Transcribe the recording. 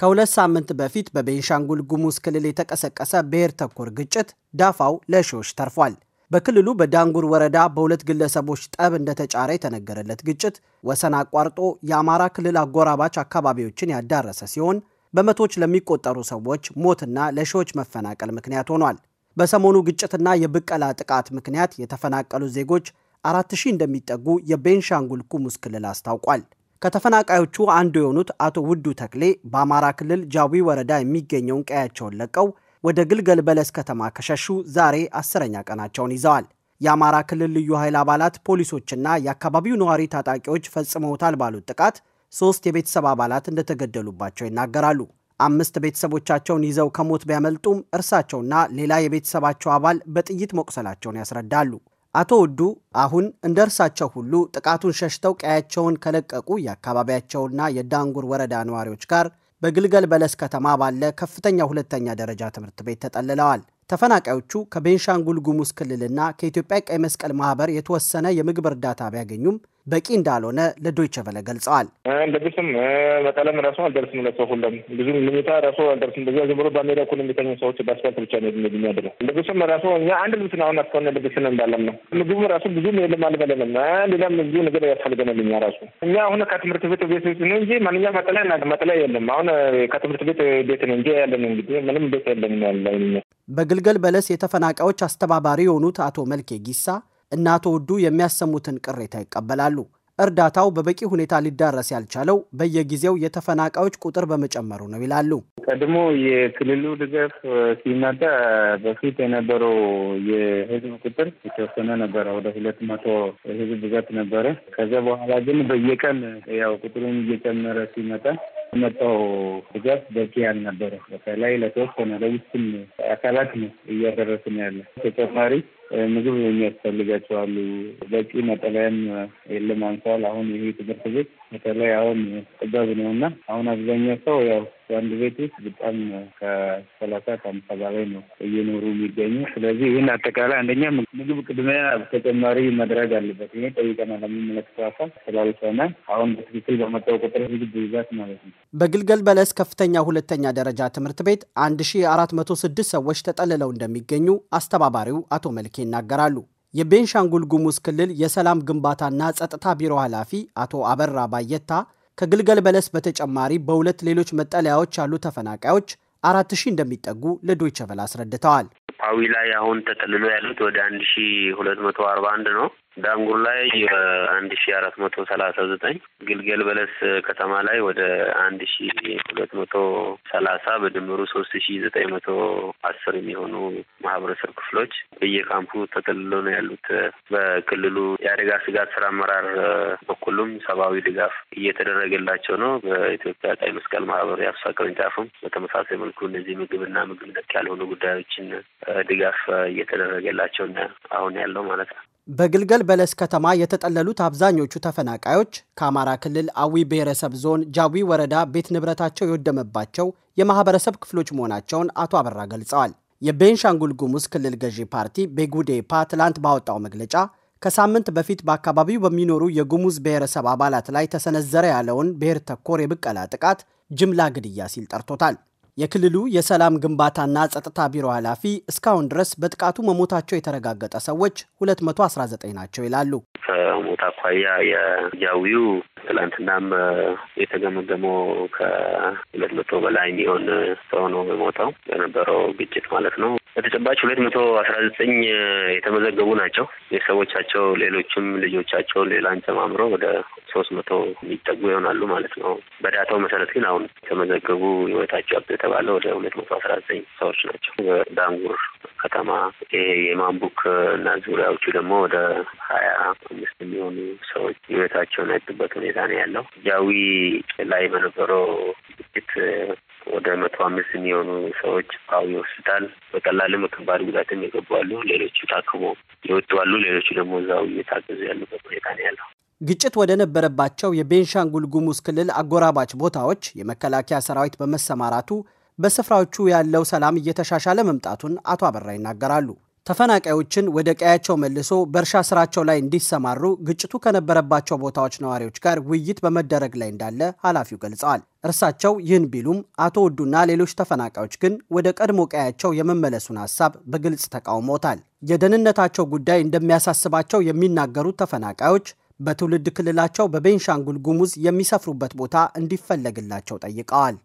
ከሁለት ሳምንት በፊት በቤንሻንጉል ጉሙዝ ክልል የተቀሰቀሰ ብሔር ተኮር ግጭት ዳፋው ለሺዎች ተርፏል። በክልሉ በዳንጉር ወረዳ በሁለት ግለሰቦች ጠብ እንደተጫረ የተነገረለት ግጭት ወሰን አቋርጦ የአማራ ክልል አጎራባች አካባቢዎችን ያዳረሰ ሲሆን በመቶች ለሚቆጠሩ ሰዎች ሞትና ለሺዎች መፈናቀል ምክንያት ሆኗል። በሰሞኑ ግጭትና የብቀላ ጥቃት ምክንያት የተፈናቀሉ ዜጎች አራት ሺህ እንደሚጠጉ የቤንሻንጉል ጉሙዝ ክልል አስታውቋል። ከተፈናቃዮቹ አንዱ የሆኑት አቶ ውዱ ተክሌ በአማራ ክልል ጃዊ ወረዳ የሚገኘውን ቀያቸውን ለቀው ወደ ግልገል በለስ ከተማ ከሸሹ ዛሬ አስረኛ ቀናቸውን ይዘዋል። የአማራ ክልል ልዩ ኃይል አባላት፣ ፖሊሶችና የአካባቢው ነዋሪ ታጣቂዎች ፈጽመውታል ባሉት ጥቃት ሶስት የቤተሰብ አባላት እንደተገደሉባቸው ይናገራሉ። አምስት ቤተሰቦቻቸውን ይዘው ከሞት ቢያመልጡም እርሳቸውና ሌላ የቤተሰባቸው አባል በጥይት መቁሰላቸውን ያስረዳሉ። አቶ ውዱ አሁን እንደ እርሳቸው ሁሉ ጥቃቱን ሸሽተው ቀያቸውን ከለቀቁ የአካባቢያቸውና የዳንጉር ወረዳ ነዋሪዎች ጋር በግልገል በለስ ከተማ ባለ ከፍተኛ ሁለተኛ ደረጃ ትምህርት ቤት ተጠልለዋል። ተፈናቃዮቹ ከቤንሻንጉል ጉሙዝ ክልልና ከኢትዮጵያ ቀይ መስቀል ማህበር የተወሰነ የምግብ እርዳታ ቢያገኙም በቂ እንዳልሆነ ለዶይቸ ቬለ ገልጸዋል። ልብስም መቀለም ራሱ አልደርስም ለሰው ሁለም ብዙም ምኝታ ራሱ አልደርስም። በዚ ዝም ብሎ በሜዳ እኩል የሚተኙ ሰዎች በአስፋልት ብቻ ነው የሚያድረው። ልብስም ራሱ እኛ አንድ ልብስ ነው አሁን እስካሁን ልብስ ነው እንዳለም ነው። ምግቡ ራሱ ብዙ የለም አልበለንም። ሌላም ብዙ ነገር ያስፈልገናል። እኛ ራሱ እኛ አሁን ከትምህርት ቤት ቤት ነው እንጂ ማንኛውም መጠለያ መጠለያ የለም። አሁን ከትምህርት ቤት ቤት ነው እንጂ ያለን እንግዲህ ምንም ቤት የለም ያለ በግልገል በለስ የተፈናቃዮች አስተባባሪ የሆኑት አቶ መልኬ ጊሳ እናቶ አቶ ውዱ የሚያሰሙትን ቅሬታ ይቀበላሉ። እርዳታው በበቂ ሁኔታ ሊዳረስ ያልቻለው በየጊዜው የተፈናቃዮች ቁጥር በመጨመሩ ነው ይላሉ። ቀድሞ የክልሉ ድጋፍ ሲመጣ በፊት የነበረው የህዝብ ቁጥር የተወሰነ ነበረ። ወደ ሁለት መቶ ህዝብ ብዛት ነበረ። ከዚያ በኋላ ግን በየቀን ያው ቁጥሩን እየጨመረ ሲመጣ የመጣው ድጋፍ በቂ ያልነበረ በተለይ ለተወሰነ ለውስን አካላት ነው እያደረስ ነው ያለ። ተጨማሪ ምግብ የሚያስፈልጋቸዋሉ። በቂ መጠለያም የለም አንሷል። አሁን ይሄ ትምህርት ቤት በተለይ አሁን ጥበብ ነው እና አሁን አብዛኛው ሰው ያው በአንድ ቤት ውስጥ በጣም ከሰላሳ ከአምሳ በላይ ነው እየኖሩ የሚገኙ። ስለዚህ ይህን አጠቃላይ አንደኛ ምግብ ቅድሚያ ተጨማሪ መድረግ አለበት። ይሄ ጠይቀና ለሚመለከተው አካል ስላልሆነ አሁን በትክክል በመጣው ቁጥር ምግብ ብዛት ማለት ነው። በግልገል በለስ ከፍተኛ ሁለተኛ ደረጃ ትምህርት ቤት አንድ ሺ አራት መቶ ስድስት ሰዎች ተጠልለው እንደሚገኙ አስተባባሪው አቶ መልኬ ይናገራሉ። የቤንሻንጉል ጉሙዝ ክልል የሰላም ግንባታና ጸጥታ ቢሮ ኃላፊ አቶ አበራ ባየታ ከግልገል በለስ በተጨማሪ በሁለት ሌሎች መጠለያዎች ያሉ ተፈናቃዮች አራት ሺህ እንደሚጠጉ ለዶይቸ ቬለ አስረድተዋል። ፓዊ ላይ አሁን ተጠልሎ ያሉት ወደ አንድ ሺህ ሁለት መቶ አርባ አንድ ነው። ዳንጉር ላይ አንድ ሺ አራት መቶ ሰላሳ ዘጠኝ ግልገል በለስ ከተማ ላይ ወደ አንድ ሺ ሁለት መቶ ሰላሳ በድምሩ ሶስት ሺ ዘጠኝ መቶ አስር የሚሆኑ ማህበረሰብ ክፍሎች በየካምፑ ተጠልሎ ነው ያሉት። በክልሉ የአደጋ ስጋት ስራ አመራር በኩሉም ሰብአዊ ድጋፍ እየተደረገላቸው ነው። በኢትዮጵያ ቀይ መስቀል ማህበር የአፍሳ ቅርንጫፍም በተመሳሳይ መልኩ እነዚህ ምግብና ምግብ ነክ ያልሆኑ ጉዳዮችን ድጋፍ እየተደረገላቸው አሁን ያለው ማለት ነው። በግልገል በለስ ከተማ የተጠለሉት አብዛኞቹ ተፈናቃዮች ከአማራ ክልል አዊ ብሔረሰብ ዞን ጃዊ ወረዳ ቤት ንብረታቸው የወደመባቸው የማህበረሰብ ክፍሎች መሆናቸውን አቶ አበራ ገልጸዋል። የቤንሻንጉል ጉሙዝ ክልል ገዢ ፓርቲ ቤጉዴፓ ትላንት ባወጣው መግለጫ ከሳምንት በፊት በአካባቢው በሚኖሩ የጉሙዝ ብሔረሰብ አባላት ላይ ተሰነዘረ ያለውን ብሔር ተኮር የብቀላ ጥቃት ጅምላ ግድያ ሲል ጠርቶታል። የክልሉ የሰላም ግንባታና ጸጥታ ቢሮ ኃላፊ እስካሁን ድረስ በጥቃቱ መሞታቸው የተረጋገጠ ሰዎች 219 ናቸው ይላሉ። ቦታ አኳያ የጃዊው ትላንትናም የተገመገመው ከሁለት መቶ በላይ የሚሆን ሰው ነው የሞተው የነበረው ግጭት ማለት ነው። በተጨባጭ ሁለት መቶ አስራ ዘጠኝ የተመዘገቡ ናቸው ቤተሰቦቻቸው፣ ሌሎችም ልጆቻቸው ሌላን ጨማምሮ ወደ ሶስት መቶ የሚጠጉ ይሆናሉ ማለት ነው። በዳታው መሰረት ግን አሁን የተመዘገቡ ህይወታቸው የተባለ ወደ ሁለት መቶ አስራ ዘጠኝ ሰዎች ናቸው በዳንጉር ከተማ ይሄ የማንቡክ እና ዙሪያዎቹ ደግሞ ወደ ሀያ አምስት የሚሆኑ ሰዎች ህይወታቸውን ያጡበት ሁኔታ ነው ያለው። ጃዊ ላይ በነበረው ግጭት ወደ መቶ አምስት የሚሆኑ ሰዎች ፓዊ ሆስፒታል በቀላልም ከባድ ጉዳትም የገቡ አሉ። ሌሎቹ ታክሞ የወጡ አሉ። ሌሎቹ ደግሞ እዛው እየታገዙ ያሉበት ሁኔታ ነው ያለው። ግጭት ወደ ነበረባቸው የቤንሻንጉል ጉሙዝ ክልል አጎራባች ቦታዎች የመከላከያ ሰራዊት በመሰማራቱ በስፍራዎቹ ያለው ሰላም እየተሻሻለ መምጣቱን አቶ አበራ ይናገራሉ። ተፈናቃዮችን ወደ ቀያቸው መልሶ በእርሻ ስራቸው ላይ እንዲሰማሩ ግጭቱ ከነበረባቸው ቦታዎች ነዋሪዎች ጋር ውይይት በመደረግ ላይ እንዳለ ኃላፊው ገልጸዋል። እርሳቸው ይህን ቢሉም አቶ ውዱና ሌሎች ተፈናቃዮች ግን ወደ ቀድሞ ቀያቸው የመመለሱን ሀሳብ በግልጽ ተቃውሞታል። የደህንነታቸው ጉዳይ እንደሚያሳስባቸው የሚናገሩት ተፈናቃዮች በትውልድ ክልላቸው በቤንሻንጉል ጉሙዝ የሚሰፍሩበት ቦታ እንዲፈለግላቸው ጠይቀዋል።